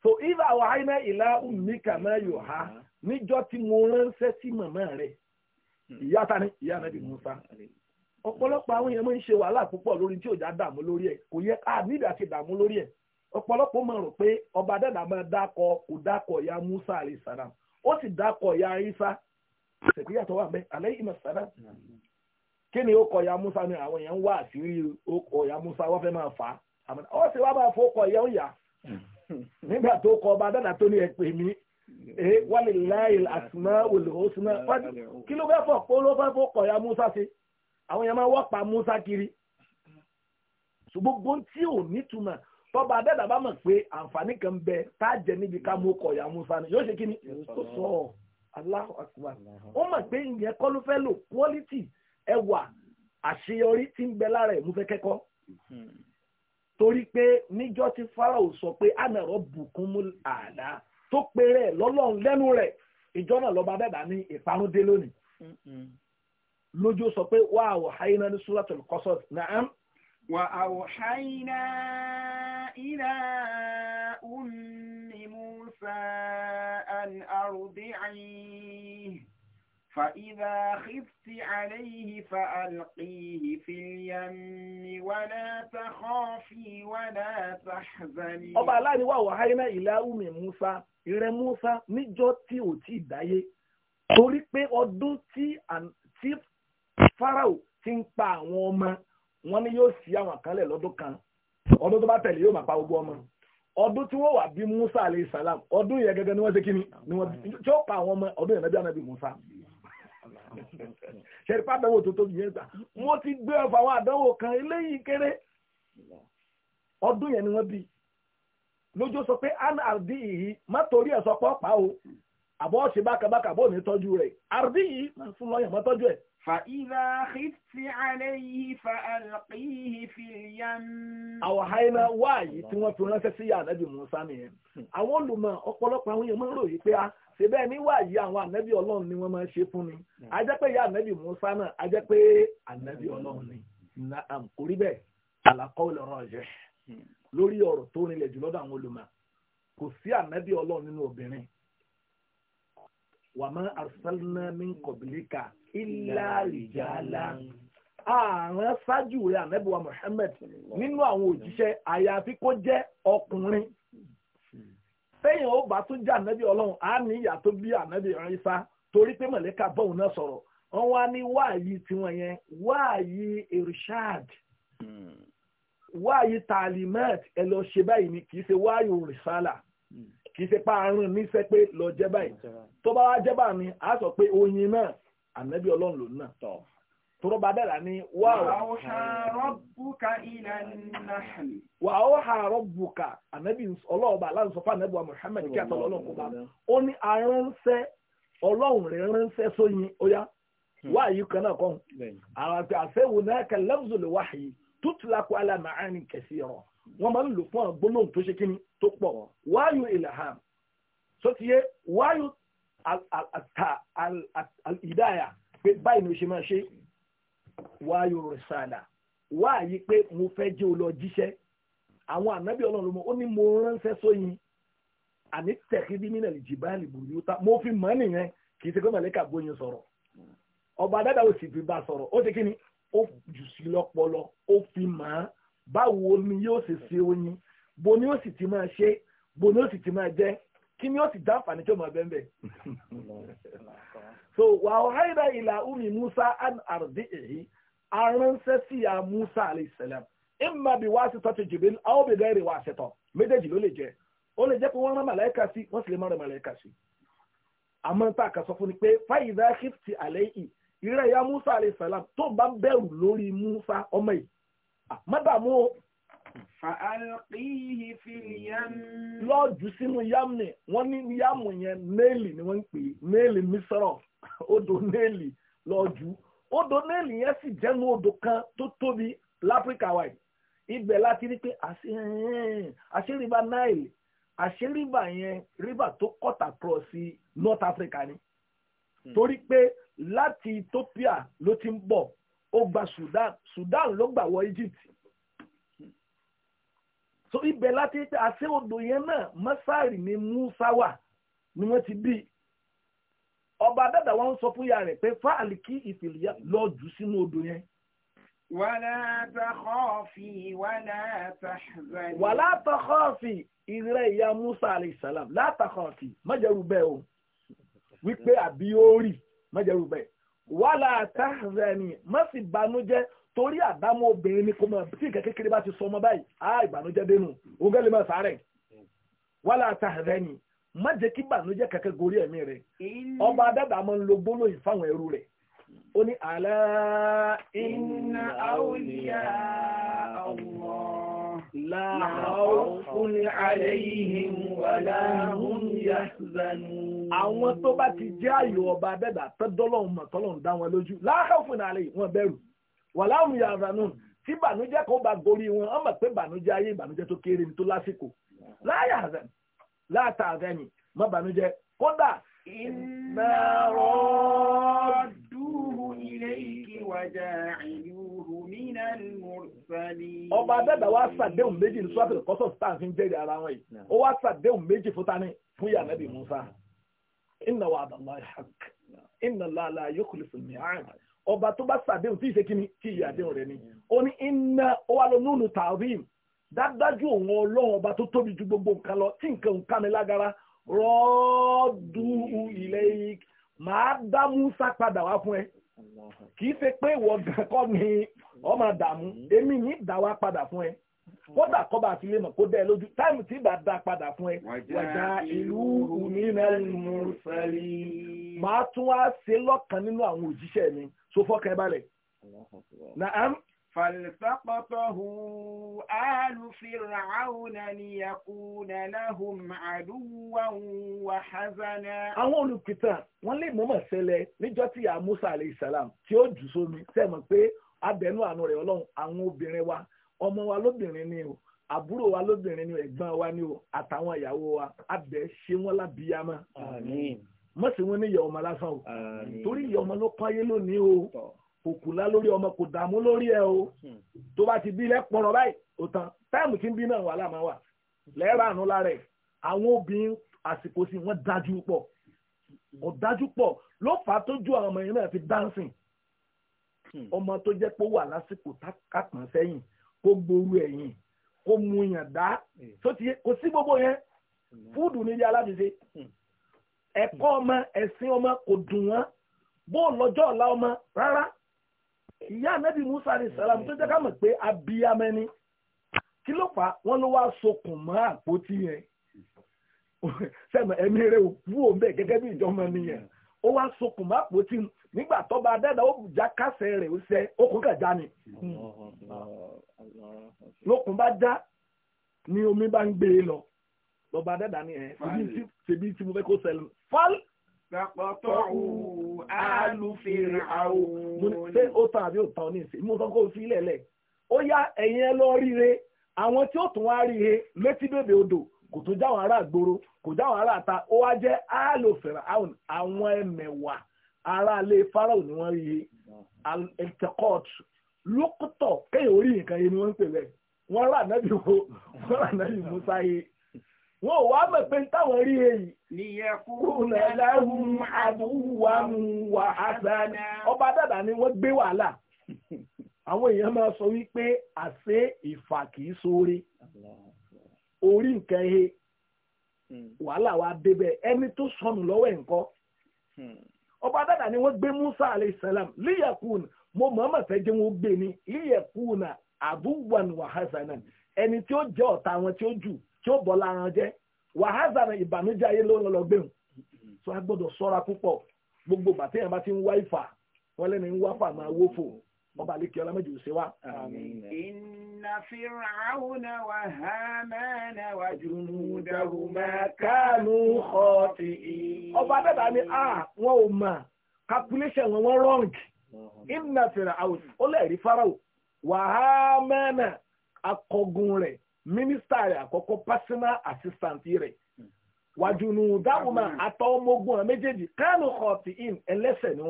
so ìlà wàhálà ìlà umi kàmá yóò ha níjọ́ tí mo ránṣẹ́ sí mọ̀mọ́ rẹ̀ mm-hmm. ìyá ta ni ìyá nàbì Musa ọ̀pọ̀lọpọ̀ àwọn èèyàn máa ń ṣe wàhálà púpọ̀ lórí tí ò já dààmú lórí ọ̀pọ̀lọpọ̀ mọ̀ rò pé ọba dàdà máa dákọ̀ kò dákọ̀ ya Musa alayhi salam ó sì dákọ̀ ya Isa ṣèpéyàtọ̀ wà bẹ́ẹ̀ alayhi salam kí ni ó kọ̀ ya Musa ni àwọn èèyàn ń wá àṣírí ó kọ̀ ya Musa wọ́n fẹ́ máa fà á ó sì wá máa fọ́kọ̀ ya ó yà nígbà tó kọ ọba dàdà tó ní ẹ pè mí walilayi asuma olùhósùnà kí ló fẹ́ fọ̀ pé ló fẹ́ fọ́kọ̀ ya Musa sí àwọn èèyàn máa wọ́pa Musa kiri ṣùgbọ́n tí ò nítumọ̀ tọba adẹ́dà bama mọ̀ pé àǹfààní kan bẹ tá níbi ká mú ọkọ̀ musa yóò ṣe kí ni tó sọ ọ Allahu Akbar ó mọ̀ pé ìyẹn kọ́ ló fẹ́ lò quality ẹwà àṣeyọrí ń bẹ lára ẹ̀ mú fẹ́ torí sọ pé ànàrọ̀ bùkún mú tó lọ́lọ́run lẹ́nu rẹ̀ ìjọ náà lọ́ba sọ pé wọ̀ háyínà ní إلى أم موسى أن أرضعيه فإذا خفت عليه فألقيه في اليم ولا تخافي ولا تحزني ọba aláàrin wà wàhálà ìlà umi musa ìrẹ musa níjọ́ tí ò tí ì dáyé torí pé ọdún tí farao ti ń pa àwọn ọmọ wọn ni yóò sí àwọn àkànlẹ̀ lọ́dún kan ọdún tó bá tẹ̀lé yóò máa pa gbogbo ọmọ ọdún tí wọ́n wà bí Musa alayhi salam ọdún yẹn gẹ́gẹ́ ni wọ́n ṣe kí ni wọ́n tí ó pa àwọn ọmọ ọdún yẹn náà bí Musa ṣẹ̀rípá àdánwò tó tóbi yẹn gbà mo ti gbé ọ̀fọ̀ àwọn àdánwò kan eléyìí kéré ọdún yẹn ni wọ́n bí lójó sọ pé an àdí má torí ẹ̀ sọ pé ọ̀pá o àbọ̀ ṣe bákàbákà àbọ̀ ní tọ́jú rẹ̀ àrùbí yìí máa fún lọ́yàn mọ́ tọ́jú ẹ̀. فإذا خفت عليه فألقيه في اليم. àwọn haina wáyé tí wọ́n fi ránṣẹ́ sí ànábì musa nìyẹn àwọn olùmọ̀ ọ̀pọ̀lọpọ̀ àwọn èèyàn máa ń ròyìn pé a ṣe bẹ́ẹ̀ ní wáyé àwọn ànábì ọlọ́run ni wọ́n máa ń ṣe fún ni a jẹ́ pé ìyá ànábì musa náà a jẹ́ pé wàmọ́ arsalna min qablika illa rijala àrùn ṣáájú rẹ̀ ànábìwá Muhammad nínú àwọn òjíṣẹ́ àyàfi kó jẹ́ ọkùnrin sẹ́yìn ó bá tún jẹ́ ànábì ọlọ́run á ní ìyá tó bí ànábì Ìsá torí pé mọ̀lẹ́ka bọ́ọ̀n náà sọ̀rọ̀ wọ́n wá ní wáàyí tiwọn yẹn wáàyí irshad hmm. wáàyí talimat ẹ lọ ṣe báyìí ni kì í ṣe wáàyí risala hmm kì í ṣe pa àrùn níṣẹ́ pé lọ jẹ́ báyìí tó bá wá jẹ́ bá mi á sọ pé oyin náà ànábì ọlọ́run lòun náà tọ̀ tọ́rọ bá dára ní wà rọ́bùkà ilẹ̀ nàhàlì. wà ó rọ́bùkà ànábì ọlọ́ọ̀bà aláǹsọ̀fà ànábì wa kí àtọ̀ ọlọ́run kó bá ó ní aránṣẹ́ ọlọ́run rẹ̀ ránṣẹ́ sóyin ó wà á hmm. yìí kan náà kọ́ àwọn àti àṣẹwò náà kẹlẹ́mùsùlùwàhì tútùlákù alàmàánì kẹsì ọ̀rọ̀ wọ́n máa ń lò fún àwọn tó ṣe kí ni tó pọ̀ wáyù ilham tó ti yé wáyù ìdáyà pé báyìí ni o ṣe máa ṣe wáyù rìsàlà wáyì pé mo fẹ́ jẹ́ olọ jíṣẹ́ àwọn ànábì ọlọ́run ó ní mo ránṣẹ́ sóyin àní tẹ̀kí bí mínà jìbáàlì bùrùyúta mo fi mọ́ nìyẹn kì í ṣe gómìnà lẹ́ka gbóyin sọ̀rọ̀ ọba dáadáa ó sì fi bá sọ̀rọ̀ ó ṣe kí ni ó jù sí lọ́pọlọ ó fi mọ́ báwo ni yóò ṣe ṣe oyin bo ni yóò sì ti máa ṣe bo ni yóò sì ti máa jẹ kí ni yóò sì dá àǹfààní tó máa bẹ́ẹ̀ bẹ́ẹ̀. so wà á ọ̀háìdá ìlà umi musa an ardi èyí aránṣẹ́ sí ya musa aleyhisselam imma bi wá sí tọ́tù jibril aw bi gairi wá sí tọ́ méjèèjì ló lè jẹ ó lè jẹ́ pé wọ́n rán màláìka sí wọ́n sì lè má rán màláìka sí. àmọ́ tá a kà sọ fún ni pé fáyidá kìftì àlẹ́ yìí ìrẹ́ ya musa aleyhisselam tó bá bẹ̀rù lórí musa ọmọ yìí mọ́dàmú o. fàálùkìhì fi yẹn. lọ́ọ̀jù sínú yamni wọ́n ní yamu yẹn néèlì ni wọ́n ń pè é néèlì mísọ̀rọ̀ odò néèlì lọ́ọ̀jù odò néèlì yẹn sì jẹ́nu odò kan tó tóbi láfíríkà wáyé ibẹ̀ láti rí pé àṣíríba nile àṣíríba yẹn ríbà tó kọ́tà pọ̀ sí north africa ni hmm. torí pé láti ethiopia ló ti ń bọ̀ ó gba Sudan Sudan ló gbà wọ Egypt so ibẹ̀ láti àṣẹ odò yẹn náà mọ́sáàrì ni Musa wà ni wọ́n ti bí ọba dada wọn sọ fún ya rẹ̀ pé fáàlì kí ìfìlìyà lọ jù sínú odò yẹn. wàlá takọ́ọ̀fì ìrẹ́ ìyá Musa alayhisalam látàkọ́ọ̀fì májẹ̀rú bẹ́ẹ̀ o wípé àbí ó rì májẹ̀rú bẹ́ẹ̀ wàhálà tahzani má sì banújẹ́ torí àdámọ́ obìnrin ni kò mọ̀ tí nǹkan kékeré bá ti sọ ọmọ báyìí á ìbànújẹ́ dénú òun gẹ́lẹ́ mọ̀ sáré wàhálà tahzani má jẹ́ kí ìbànújẹ́ kankan gorí ẹ̀mí rẹ̀ ọba adáda máa ń lo gbólóyìn fáwọn ẹrú rẹ̀ ó ní àlá inna awliya Allah. لا خوف عليهم ولا هم يحزنون àwọn tó bá ti jẹ́ ayọ̀ ọba abẹ́dà tọ́dọ́lọ́hún mọ̀ tọ́lọ́hún dá wọn lójú la khawfun alayhim wọn bẹ̀rù wala hum yahzanun tí bànújẹ́ kò bá gorí wọn ọmọ pé bànújẹ́ ayé bànújẹ́ tó kéré ní tó lásìkò la yahzan la bànújẹ́ kódà. inna radduhu ilayki wa ja'iluhu ọba dẹ́dà wá sàdéhùn méjì ní sọ́tò kọ́sọ̀ star fi ń jẹ́rìí ara wọn yìí ó wá sàdéhùn méjì fún tani fún ìyá nàbì Musa inna wa'dallahi haqq inna Allaha la yukhlifu al-mi'ad ọba tó bá sàdéhùn tí ì ṣe kí ni kí ìyá àdéhùn rẹ ni ó ní iná ó wà lọ nùnú tààríìmù dájú òun ọlọ́run ọba tó tóbi ju gbogbo nǹkan lọ tí nǹkan nǹkan mi lágara rọ́ọ̀dù ilẹ̀ yìí màá dá Musa padà wá fún ẹ kì í ṣe pé ìwọ gan ni ọ máa dààmú hmm. èmi yìí dà wá padà fún ẹ kódà kọba àti ilé kó dẹ́ lójú táìmù tí ìbá dá padà fún ẹ wàjá ìlú mìírànmùsẹ̀lì máa tún wá ṣe lọ́kàn nínú àwọn òjíṣẹ́ mi so fọ́kàn balẹ̀. فالتقطه آل فرعون ليكون لهم عدوا وحزنا. àwọn olùkìtàn wọ́n lè mọ̀ọ́mọ̀ ṣẹlẹ̀ níjọ́ tí ìyá Musa alayhi abẹnú àánú rẹ̀ ọlọ́run àwọn obìnrin wa ọmọ wa lóbìnrin ni o àbúrò wa lóbìnrin ni o ẹ̀gbọ́n wa ni o àtàwọn ìyàwó wa abẹ ṣe wọn lábíyámá mọ̀ sí wọn ní ìyá ọmọ lásán o torí ìyá ló pọ́n ayé lónìí o kò kùlá lórí ọmọ kò dààmú lórí ẹ o hmm. tó bá ti bí lẹ́pọ̀rọ̀ báyìí ó tán táìmù tí ń bí náà wà láàmú wa lẹ́ẹ̀rọ àánú lára ẹ̀ àwọn obìnrin àsìkò sí wọn dájú pọ̀ ọ̀dájú pọ̀ ló fà á tó ju àwọn ọmọ yẹn náà fi dáńsìn Hmm. ọmọ tó jẹ́ pé ó wà lásìkò kápọ̀n sẹ́yìn kó gbóru ẹ̀yìn kó mu yàn dá hmm. kò sí gbogbo yẹn hmm. fúdù nílé alábìsẹ ẹ̀kọ́ ọmọ ẹ̀sìn ọmọ kò dùn wọ́n bó lọ́jọ́ ọ̀la ọmọ rárá ìyá anabi musa alayhi salam tó jẹ́ ká mọ̀ pé abiyamẹni kí ló fà wọ́n ló wá sokùn mọ́ àpótí yẹn sẹ́mi ẹ̀mí rẹ̀ òkú òun bẹ́ẹ̀ gẹ́gẹ́ bí ìjọba nìyẹn ó wá sokùn má pò tí nígbà tó bá dẹ́dà ó já kásẹ̀ rẹ̀ ó sẹ́ okùn kà já ni lókun bá já ni omi bá ń gbé e lọ lọ́ba dẹ́dà ni ṣèbí tí mo fẹ́ kó sẹ́lẹ̀ fọ́lì. Sàpọ̀tọ̀hù àlùfèrè àwọn. ṣé ó tán àbí ó tán ní ìsìn? Mo sọ kó o fi ilẹ̀ lẹ̀. Ó yá ẹ̀yin ẹ lọ ríire. Àwọn tí ó tún wá ríire létí bèbè odò kò tó jáwọn ará àgbòrò kò já wọn ará ó wá jẹ́ áàlò àwọn ará farao ni wọ́n yé ẹ̀tẹ̀kọ́t lókùtọ̀ kéèyàn orí nǹkan yé ni wọ́n ń pè wọ́n rà wo wọ́n rà nábì musa yé wọn ò wá mọ̀ pé táwọn rí èyí. ọba ni gbé wàhálà àwọn èèyàn máa sọ wípé ìfà sóore orí nǹkan Hmm. wàhálà wa débẹ̀ ẹni tó sọnù lọ́wọ́ ẹ̀ ńkọ́ hmm. ọba dada ni wọ́n gbé Musa alayhi salam liyakun mo mọ̀ọ́mọ̀ fẹ́ jẹ́ wọn gbé ni liyakun abuwan wahazanan ẹni tí ó jẹ́ ọ̀tá wọn tí ó jù tí ó bọ̀ lára jẹ́ wahazanan ìbànújẹ́ ayé ló ń lọ gbẹ̀hùn hmm. so a gbọ́dọ̀ sọ́ra púpọ̀ gbogbo bàtẹ́yìn bá ti ń wá ìfà wọ́n lẹ́nu ń wá fà máa wó fò bọ́ba lè kí ọlá méjì ṣe na inna fir'auna wa hamana wa junudahuma kanu khati'in. ọba a ah, calculation wọn wrong inna fir'auna farao wa hamana akọgun personal assistant ọmọ kanu ni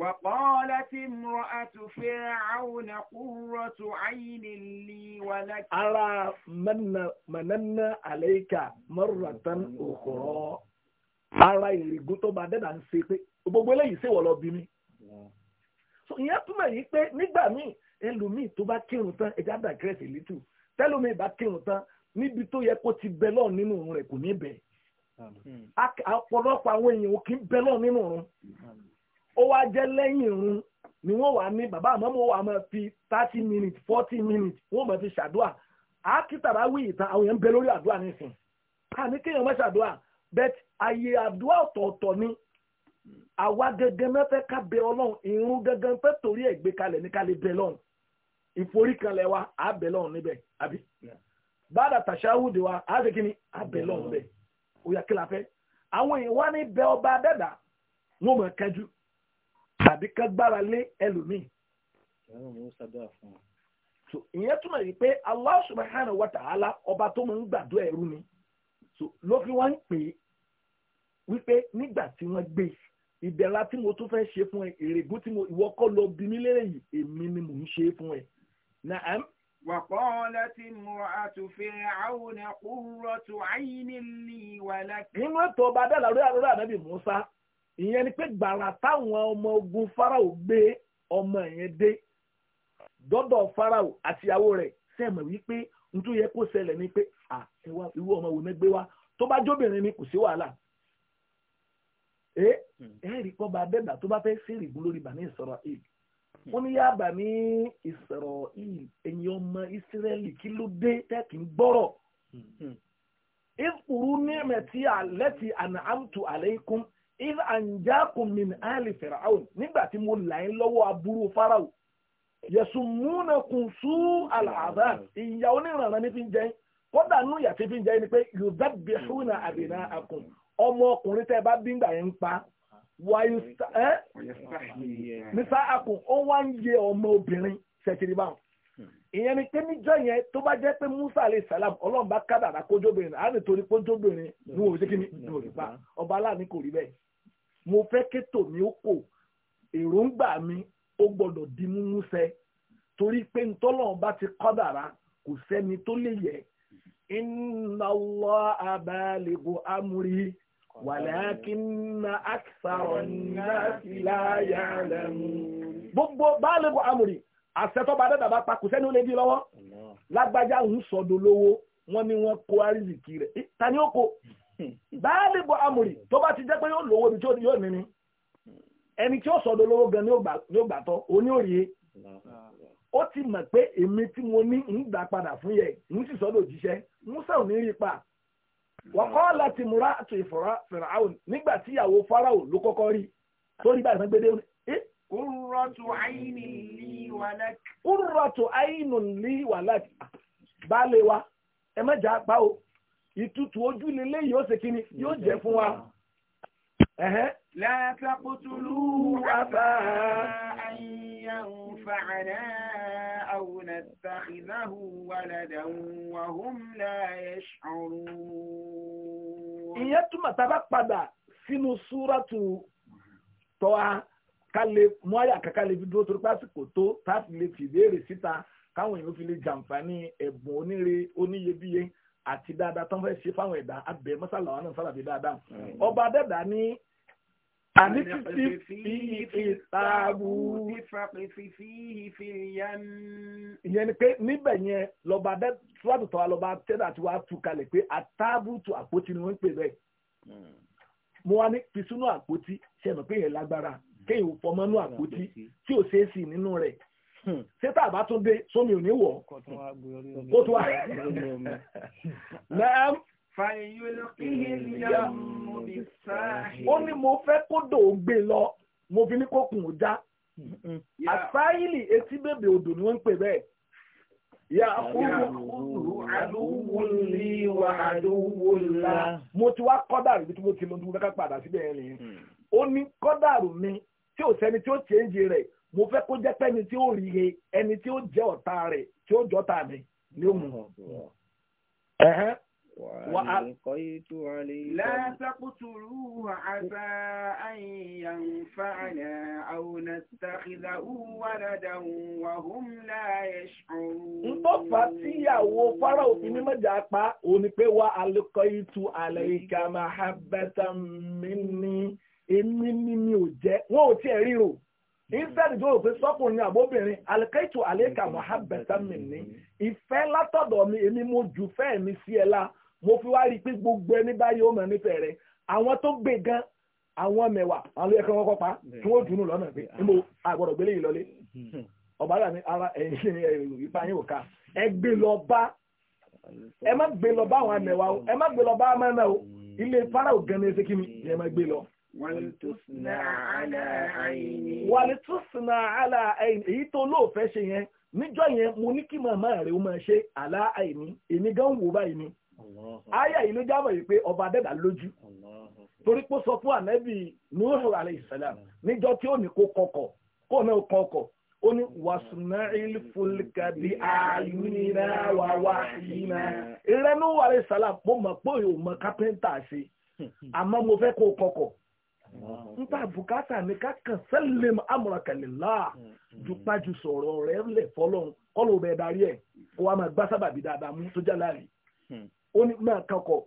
وقالت امرأة فرعون قرة عين لي ولك أرى من مننا عليك مرة أخرى ara ìrìgún tó bá dẹ́dà ń ṣe pé gbogbo eléyìí ṣèwọ̀ lọ bí mi. so ìyẹn túmọ̀ yìí pé nígbà míì ẹlòmíì tó bá kírun tán ẹja dàgẹ́rẹ́sì lítù tẹ́lòmíì bá kírun tán níbi tó yẹ kó ti bẹ lọ́ọ̀ nínú rẹ̀ kò ní bẹ̀. ọ̀pọ̀lọpọ̀ àwọn èèyàn kì í bẹ lọ́ọ̀ nínú rẹ̀ ó wá jẹ́ lẹ́yìn irun ni wọ́n wà ní bàbá àmọ́ mo wà máa fi thirty minutes forty minutes wọ́n máa fi ṣàdúà àkìtàrà wí ìtàn àwọn èèyàn ń bẹ lórí àdúà nísìn àní kéèyàn má ṣàdúà bẹ́t àyè àdúà ọ̀tọ̀ọ̀tọ̀ ni àwa gẹ́gẹ́ mẹ́fẹ́ ká bẹ ọlọ́run irun gẹ́gẹ́ fẹ́ torí ẹ̀ gbé kalẹ̀ ní ká lè bẹ lọ́run ìforíkanlẹ̀ wa á bẹ lọ́run níbẹ̀ àbí bàdà tàṣáwùdì wa á ṣe kí ni á bẹ lọ́run bẹ́ẹ̀ ó yà kí la fẹ́ àwọn èèyàn wá ní bẹ ọba adẹ́dà wọ́n mọ̀ kẹjú tàbí ká gbára lé ẹlòmíì. so ìyẹn túmọ̀ yìí pé Allah subhanahu wa ta'ala ọba tó máa ń gbàdúrà ẹrú ni so ló fi wá ń pè é wípé nígbà tí wọ́n gbé e, ìbẹ̀rẹ̀ tí mo tún fẹ́ ṣe fún ẹ èrègùn tí mo ìwọ kọ́ lọ bí mi lérè yìí èmi ni mò ń ṣe fún ẹ. Naam. وقالت امرأة فرعون قرة عين لي ولك. nínú ètò ọba adé àlàrú àlọ́rọ̀ ànábì Musa ìyẹn ni pé gbàrà táwọn ọmọ ogun farao gbé ọmọ yẹn dé dọ́dọ̀ farao àtìyàwó rẹ̀ sẹ́mọ̀ wípé nítorí yẹ kó ṣẹlẹ̀ ni pé à ẹwà irú ọmọ wo mẹ́gbẹ́ wa tó bá jóbìnrin ni kò sí wàhálà ẹ hmm. ẹ rí kọ́ bá bẹ́ẹ̀ bá tó bá fẹ́ sí ìrìgún lórí bàní Ísírẹ́lì hmm. wọ́n ní yáàbà ní Ísírẹ́lì ẹ̀yin ọmọ Ísírẹ́lì kí ló dé tẹ́ kì í ìfúrú ní ẹ̀mẹ̀ tí ti àná àmtù alaykum if anjakum min ali firaun nígbà tí mo là ń lọ́wọ́ aburú farao yẹ̀sùn múnà kùn sú àlàáfà ìyà oníranran ní fi ń jẹ́ kódà nú ìyà tí fi ń jẹ́ ni pé yuzabbihuna abinaakum ọmọ ọkùnrin tẹ́ bá bí ń gbà yẹn ń pa wàyí ẹ́ nísà àkùn ó wá ń yẹ ọmọ obìnrin ṣẹ̀tìrì báwọn ìyẹn ni pé níjọ́ yẹn tó bá jẹ́ pé musa alayhi salam ọlọ́run bá kádàrá kójóbìnrin àá nítorí kójóbìnrin ní òun ṣe kí ni òun pa ọba aláàánú kò rí bẹ́ẹ̀ mo fẹ́ kétò mi ó kò èròǹgbà mi ó gbọ́dọ̀ di múmú ṣẹ torí pé ntọ́lọ́run bá ti kọ́dàrá kò sẹ́ni tó lè yẹ inna Allaha balighu amri wàlákínà àkìsàrọ̀ nnáàsì la ya'lamun. gbogbo balighu amri àṣẹtọ́ba dẹ́dàbá pa kò sẹ́ni ó lè di lọ́wọ́ lágbájá ń sọ̀dọ̀ lówó wọ́n ní wọ́n kó àrísìkí rẹ̀ ta ni ó kó báàlì bọ amòrì tó bá ti jẹ́ pé yóò lówó ibi tí yóò ní ni ẹni tí ó lówó gan ni ó gbà tọ́ òní òrìye ó ti mọ̀ pé èmi tí mo ní ń gbà padà fún yẹ ń sì sọ́dọ̀ òjíṣẹ́ musa ò ní rí pa láti múra àti nígbà tí ìyàwó ló rí sórí báyìí eh? wa ẹ ìtutù ojú lílé yìí ó ṣe kíni yóò jẹ́ fún wa. látàkùtùlù àbá àyàwó fàánà àwọn àtàkìláhù wàlàdàwù wàhùn láyé ṣọrù. ìyẹn túmọ̀ tá a bá padà sínú súrátù tọ́a ká lè mú àyà kankan lè fi dúró torí pásítọ̀ tó tá a fi lè fi ìbéèrè síta káwọn èèyàn fi lè jàǹfààní ẹ̀bùn onírè oníyebíye àti dáadáa tó ń fẹ́ ṣe fáwọn ẹ̀dá abẹ mọ́sálà wọn náà sábàbí dáadáa ọba dẹ́dà ní àní fífi fi taabu ìyẹn ni pé níbẹ̀ yẹn lọ́ba tíwájú tọ́wa lọ́ba tẹ́lẹ̀ àti wàá tú kalẹ̀ pé àtàbù tu àpótí ni wọ́n ń pè bẹ́ẹ̀ hmm. mo wá ní fi sínú àpótí ṣe mọ̀ pé yẹn lágbára hmm. kéèyàn fọmọ́nú àpótí tí ò ṣeé sì nínú rẹ̀ Hmm. ṣé tá a bá tún dé sómi ò ní wọ̀ kó tó wá. ó ní mo fẹ́ kó dò ó gbé lọ mo fi ní kó kùn ó já àsáyìlì etí bèbè odò ni wọ́n ń pè bẹ́ẹ̀. Ya kúrò àdúgbò ní wà àdúgbò ńlá. Mo ti wá kọ́dàrú bí mo ti lọ dúró kápá padà síbẹ̀ rìn. Hmm. Ó ní kọ́dàrú mi tí ò sẹ́ni tí ó ṣe é jẹ rẹ̀ mo fẹ́ kó jẹ́ pé ẹni tí ó ríhe ẹni tí ó jẹ́ ọ̀tá rẹ̀ tí ó jọ́ta mi ni ó mú un. وألقيت عليكم لا تقتلوه عسى أن ينفعنا أو نتخذه ولدا وهم لا يشعرون ntọ́fà tíyàwó Fáráò fi mímọ́ jà pa ó pé wà alqaytu alayka mahabbatan minni èmi ni mi ò jẹ́ wọn ò tiẹ̀ ríro instead go pe sọ́kùnrin ni àbóbìnrin alikaitu aleka muhabbatan minni ìfẹ́ látọ̀dọ̀ mi èmi mo jù fẹ́ mi sí ẹ la mo fi wá rí i pé gbogbo ẹni báyìí ó mọ̀ nífẹ̀ẹ́ rẹ àwọn tó gbé gan àwọn mẹ́wàá àwọn ló yẹ kí wọ́n kọ́ lọ́nà pé níbo àgbọ̀dọ̀ gbélé yìí lọlé ọba rà ní ara ẹ̀yìn ìfà yín òka ẹ gbé lọ bá ẹ má gbé lọ bá àwọn mẹ́wàá o ẹ má gbé lọ bá àwọn ẹ wàlítúsínà àlà àìní èyí tó lóòfẹ́ ṣe yẹn níjọ́ yẹn mo ní kí màmá rẹ̀ ó máa ṣe àlá àìní èmi gan wò báyìí ni àyà yìí ló jábọ̀ yìí pé ọba dẹ́dà lójú torí pé ó sọ fún ànábì Nuhu alayhi níjọ́ tí ó ní kó kọkọ̀ kó náà ó kọkọ̀ ó ní wàsùnmáìl fúlùkà bí àyùnínà wà ìrẹ́nu alayhi mo mọ̀ pé òun mọ kápẹ́ńtà ṣe àmọ́ mo fẹ́ kó kọkọ̀ n ta bùkátà ni ká kàn sẹ́lẹ̀m amúrakalẹ̀lá jupájú sọ̀rọ̀ rẹ̀ lẹ̀ fọlọ́n kọ́lọ̀ bẹ̀ darí ẹ̀ kó wa máa gbá sábàbí dáadáa mú tó jálá rí ó ní máa kankọ̀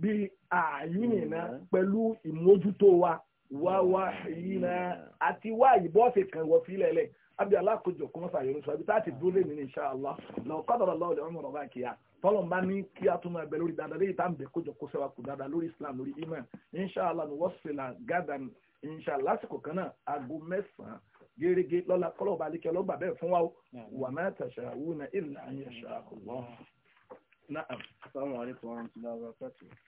bí àyínìna pẹ̀lú ìmójútó wa wá wá yìí na àti wá ìbọ́ọ̀sì kan wọ́n fi lẹ̀lẹ̀ abi alákojọ kó mọ́sá yọrọ sọ ibi tá a ti dúró lé ní insha Allah lọ kọ́dọ̀rọ̀ lọ́wọ́ lè wọ́n mọ̀rọ̀ bá ya tọ́lọ̀ bá ní kí a tún máa bẹ lórí dáadáa léyìí tá à ń bẹ kójọ kó sẹ́wà kù Islam lórí iman insha ni wọ́n sì là gádà ní insha lásìkò kan náà aago mẹ́sàn-án gẹ́gẹ́ lọ́la kọ́lọ̀ wa